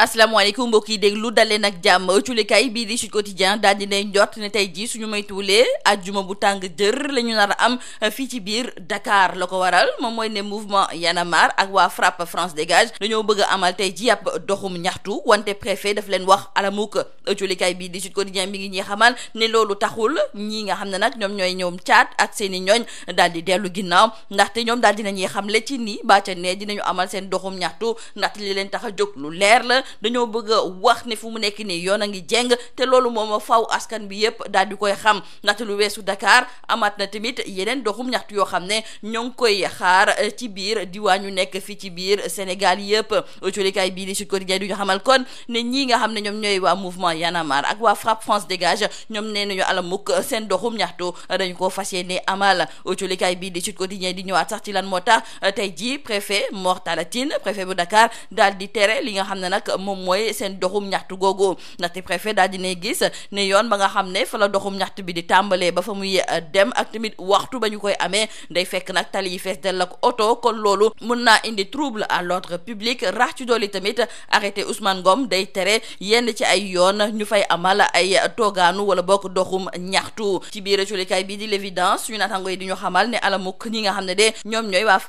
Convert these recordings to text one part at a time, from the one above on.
asalaamaaleykum mbokk yi déglu dalee nag jàmm culikaay bii di Sud Quotidien daal di nay njort ne tey jii suñu moytuwulee ajjuma bu tàng jër la ñu nar am fii ci biir dakaar la ko waral moom mooy ne mouvement Y'en ak waa FRAPP France Dégage dañoo bëgg a amal tey jii ab doxum ñaxtu wante préfet daf leen wax alamuk culikaay bii di Sud Quotidien mi ngi ñii xamal ne loolu taxul ñii nga xam ne nag ñoom ñooy ñoom caat ak seen i ñooñ daal di dellu ginnaaw ndaxte ñoom daal dinañuy xamle ci nii bàcca ne dinañu amal seen doxum ñaxtu ndaxte li leen tax a jóg lu leer la dañoo bëgg wax ne fu mu nekk nii yoon a ngi jeng te loolu moom faw askan bi yëpp daal di koy xam ndaxte lu weesu dakaar amaat na tamit yeneen doxum ñaxtu yoo xam ne ñoo ngi koy xaar eh, ci biir diwaan yu nekk fii ci biir Sénégal yëpp colikaay bii di Sud Quotidien du ñu xamal kon ne ñii nga xam ne ñoom ñooy waa mouvement Y ak waa FRAPP France dégage ñoom nee nañu ala mukk seen doxum ñaxtu dañu ko fas yéene amal colikaay bii di Sud Quotidien di ñëwaat sax ci lan moo tax eh, tey ji préfet Mor Talla Tine préfet bu Dakar daal di tere li nga xam ne nag moom mooy seen doxum ñaxtu googu ndaxte préfet daal dinay gis ne yoon ba nga xam ne fa la doxum ñaxtu bi di tàmbalee ba fa muy eh, dem ak tamit waxtu ba ñu koy amee day fekk nag tali yi fees la ak oto kon loolu mun naa indi trouble à l'ordre public rax ci dooli tamit arrêté Ousmane Ngom day tere yenn ci ay yoon ñu fay amal ay toogaanu wala bokk doxum ñaxtu ci biir julikaay bi di l'évidence suñu naatango yi di ñu xamal ne alamuk ñi nga xam ne de ñoom ñooy waa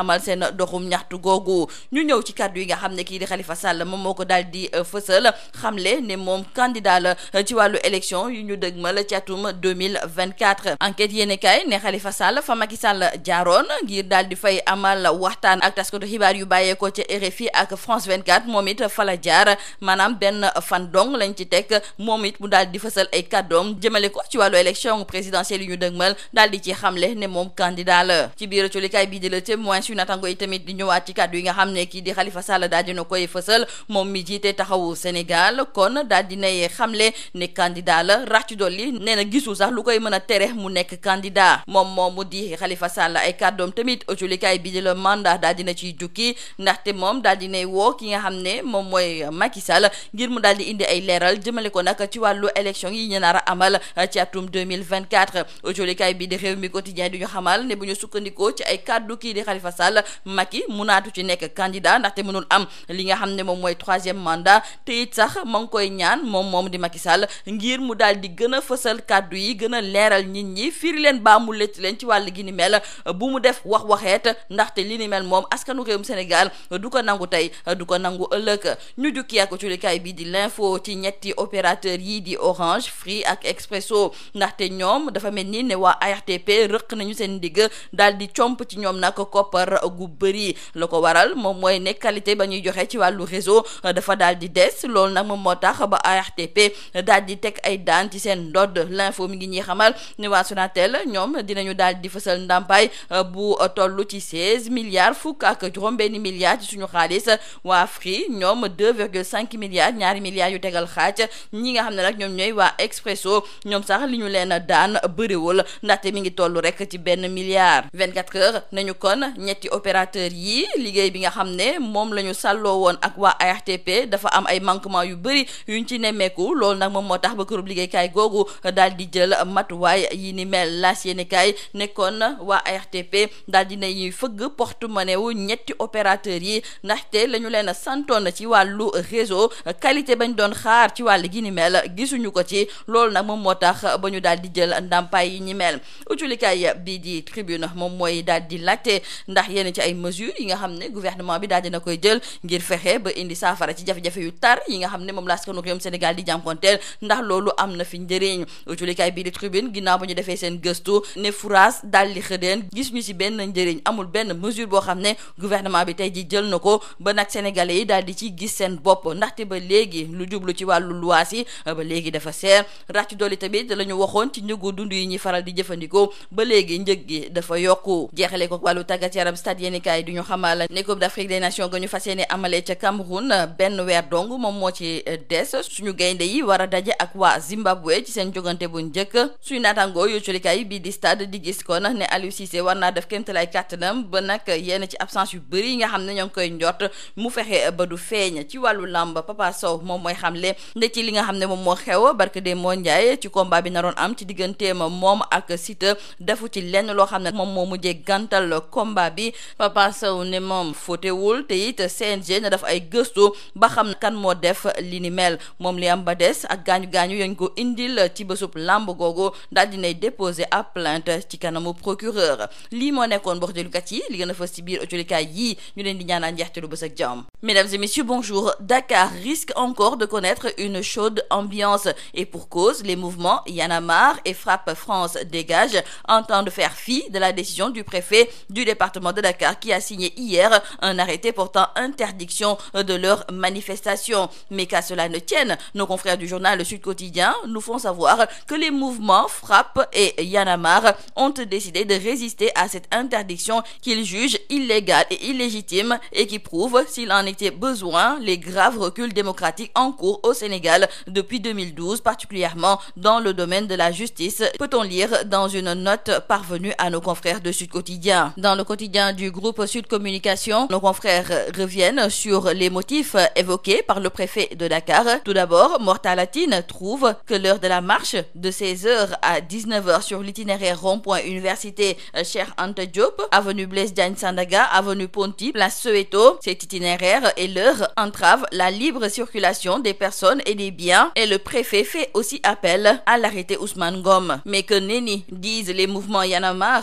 a seen doxum ñaxtu googu ñu ñëw ci kàddu yi nga xam ne kii di Khalifa Sall moom moo ko daal di euh, fësal xamle ne moom candidat la euh, ci wàllu élection yu ñu dëgmal ci atum 2024 enquête yéene kaay ne Khalifa Sall fa Macky Sall jaaroon ngir daal di fay amal waxtaan ak taskatu xibaar yu bàyyeekoo ca RFI ak France 24 moom it fa la jaar maanaam benn fan dong lañ ci teg moom it mu daal di fësal ay kàddoom jëmale ko ci wàllu élection présidentielle yu ñu dëgmal daal di ci xamle ne moom candidat la ci biir colikaay bii di la témoin suñu natango koy tamit di ñëwaat ci kàddu yi nga xam ne kii di Khalifa Sall daal dina koy fësal moom mi jiite taxawu Sénégal kon daal dinay xamle ne candidat la rax ci dolli nee na gisul sax lu koy mën a tere mu nekk candidat moom moomu di xalifa Sall ay kàddoom tamit autolikaay bi di la mandat daal dina ciy jukki ndaxte moom daal dinay woo ki nga xam ne moom mooy Macky Sall ngir mu daal di indi ay leeral jëmale ko nag ci wàllu élection yi ñu nar a amal ci atum 2024 autolikaay bi di réew mi quotidien di ñu xamal ne bu ñu Macky munaatu ci nekk candidat ndaxte mënul am li nga xam ne moom mooy troisième mandat te it sax ma ngi koy ñaan moom moom di Macky Sall ngir mu daal di gën a fësal kàddu yi gën a leeral nit ñi firi leen baa mu lëcc leen ci wàll gi ni mel bu mu def wax waxeet ndaxte li ni mel moom askanu réewum Sénégal du ko nangu tey du ko nangu ëllëg ñu jukki ak culikaay bii di l'info ci ñetti opérateur yi di Orange Free ak Expresso ndaxte ñoom dafa mel ni ne waa ARTP rëq nañu seen ndigg daal di comp ci ñoom nag koppar bëri la ko waral moom mooy ne qualité ba ñuy joxe ci wàllu réseau euh, dafa daal di des loolu nag moom moo tax ba ARTP daal di teg ay daan ci seen ndodd l'info mi ngi ñuy xamal ne waa Sonatel ñoom dinañu daal di fësal ndàmpaay euh, bu euh, toll ci seize milliards fukk ak juróom-benn milliards ci suñu xaalis waa Free ñoom deux virgule cinq milliards ñaari milliards yu tegal xaaj ñi nga xam ne nag ñoom ñooy waa Expresso ñoom sax li ñu leen daan bëriwul ndaxte mi ngi toll rek ci benn milliard nañu kon ñetti opéra opérateur yi liggéey bi nga xam ne moom la ñu sàlloo woon ak waa ARTP dafa am ay manquement yu bëri yuñ ci nemmeeku loolu nag moom moo tax ba liggéey kaay googu daal di jël matuwaay yi ni mel laas yéeni kaay nekkoon waa ARTP daal di nañuy fëgg porte-monnaie wu ñetti opérateur yi ndaxte la ñu leen santoon ci wàllu réseau qualité bañ doon xaar ci wàll gi ni mel gisuñu ko ci loolu nag moom moo tax ba ñu di jël ndàmpaay yi ñi mel uculikaay ay mesures yi nga xam ne gouvernement bi daal dina koy jël ngir fexe ba indi saafara ci jafe-jafe yu tar yi nga xam ne moom laaskanu réewum Sénégal di jànkonteel ndax loolu am na fi njëriñ julikaay bii di tribune ginnaaw ba ñu defee seen gëstu ne furaas daal di xëdeen gis ñu si benn njëriñ amul benn mesure boo xam ne gouvernement bi tey ji jël na ko ba nag sénégalais yi daal di ci gis seen bopp ndaxte ba léegi lu jublu ci wàllu luwaas yi ba léegi dafa seer rax ci dolli tamit waxoon ci njëgu dund yi ñuy faral di jëfandikoo ba njëg gi dafa yokku jeexale yéenekaay du ñu xamal ne Coupe d'Afrique des Nations ga ñu fas amalee ca Cameroun benn weer dong moom moo ci des suñu gaynde yi war a daje ak waa Zimbabwe ci seen jogante bu njëkk suñu naataangoo yu culikaay bii di stade di gis kon ne Aliou Cissé war naa def kéemtalaay kàttanam ba nag yenn ci absence bëri yi nga xam ne ñoo ngi koy njort mu fexe ba du feeñ ci wàllu làmb Papa Sow moom mooy xamle nde ci li nga xam ne moom moo xew barke de moo Ndiaye ci combat bi naroon am ci digganteem moom ak Siteu defu ci lenn loo xam ne moom moo mujjee gàntal combat bi Papa Sow ne moom fotewul te ba xam kan moo def li ni mel moom li am ba des ak gaañu gaañu yañ ko indil ci bésub làmb googu daal dinay déposé ab plainte ci kanamu procureur lii moo nekkoon wax jëlukat yi li a fës ci biir ëccolikaay yii ñu leen di ñaanaan njeexteelu bés ak jàmm mesdames et messieurs bonjour Dakar risque encore de connaître une chaude ambiance et pour cause les mouvements Y'en a marre et Frappe France dégage entendent faire fi de la décision du préfet du département de Dakar Dakar qui a signé hier un arrêté portant interdiction euh, de leur manifestation. Mais qu'à cela ne tienne, nos confrères du journal Sud Quotidien nous font savoir que les mouvements Frappe et Yanamar ont décidé de résister à cette interdiction qu'ils jugent illégale et illégitime et qui prouve, s'il en était besoin, les graves reculs démocratiques en cours au Sénégal depuis particulièrement dans le domaine de la justice, peut-on lire dans une note parvenue de Sud groupe Sud Communication. Nos confrères euh, reviennent sur les motifs euh, évoqués par le préfet de Dakar. Tout d'abord, Mortalatine trouve que l'heure de la marche de 16h à 19h sur l'itinéraire rond Université euh, Cheikh Anta Diop, avenue Blaise Sandaga, avenue Ponty, place Soweto, cet itinéraire et l'heure entrave la libre circulation des personnes et des biens et le préfet fait aussi appel à l'arrêté Ousmane Gom. Mais que nenni disent les mouvements Yanamar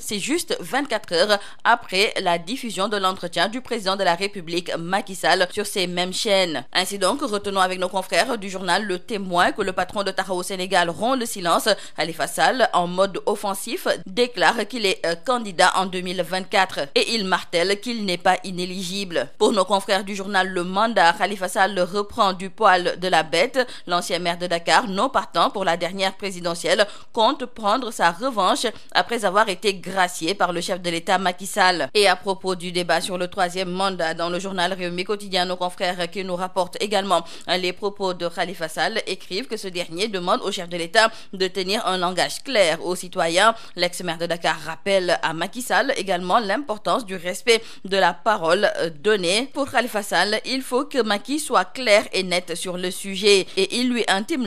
c'est juste 24 heures après la diffusion de l'entretien du président de la République Macky Sall sur ces mêmes chaînes. Ainsi donc, retenons avec nos confrères du journal Le Témoin que le patron de Taxawu Sénégal rompt le silence. Khalifa Sall, en mode offensif, déclare qu'il est euh, candidat en et il martèle qu'il n'est pas inéligible. Pour nos confrères du journal Le Mandat, Khalifa Sall reprend du poil de la bête. L'ancien maire de Dakar, non partant la dernière présidentielle, compte gracié par le chef de l'État Macky Sall. Et à propos du débat sur le troisième mandat dans le journal Réumi Quotidien, nos confrères qui nous rapportent également les propos de Khalifa Sall que ce dernier demande au chef de l'État de tenir un langage clair aux citoyens. L'ex-maire de Dakar rappelle à Macky également l'importance du respect de la parole euh, donnée. Pour Khalifa il faut que Macky soit clair et net sur le sujet et il lui intime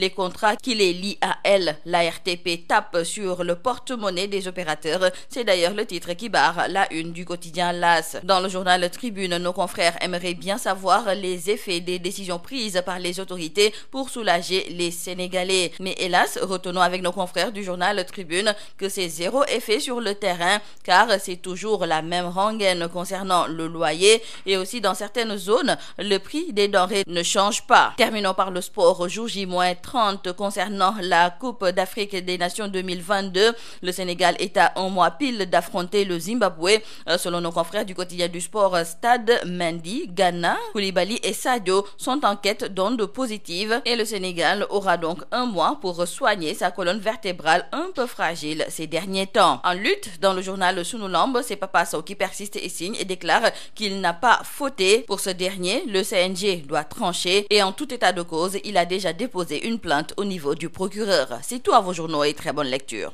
les contrats qui les lient à elle. La RTP tape sur le porte-monnaie des opérateurs. C'est d'ailleurs le titre qui barre la une du quotidien LAS. Dans le journal Tribune, nos confrères aimeraient bien savoir les effets des décisions prises par les autorités pour soulager les Sénégalais. Mais hélas, retenons avec nos confrères du journal Tribune que c'est zéro effet sur le terrain car c'est toujours la même rengaine concernant le loyer et aussi dans certaines 30 concernant la Coupe d'Afrique des Nations 2022. Le Sénégal est un mois pile d'affronter le Zimbabwe. Euh, selon nos confrères du quotidien du sport euh, Stade, Mendy, Ghana, Koulibaly et Sadio sont en quête d'ondes positives et le Sénégal aura donc un mois pour soigner sa colonne vertébrale un peu fragile ces derniers temps. En lutte, dans le journal Sunu Lamb, c'est persiste et signe et déclare qu'il n'a pas fauté. Pour ce dernier, le CNG doit trancher et en tout a une plainte au niveau du procureur. C'est tout à vos journaux et très bonne lecture.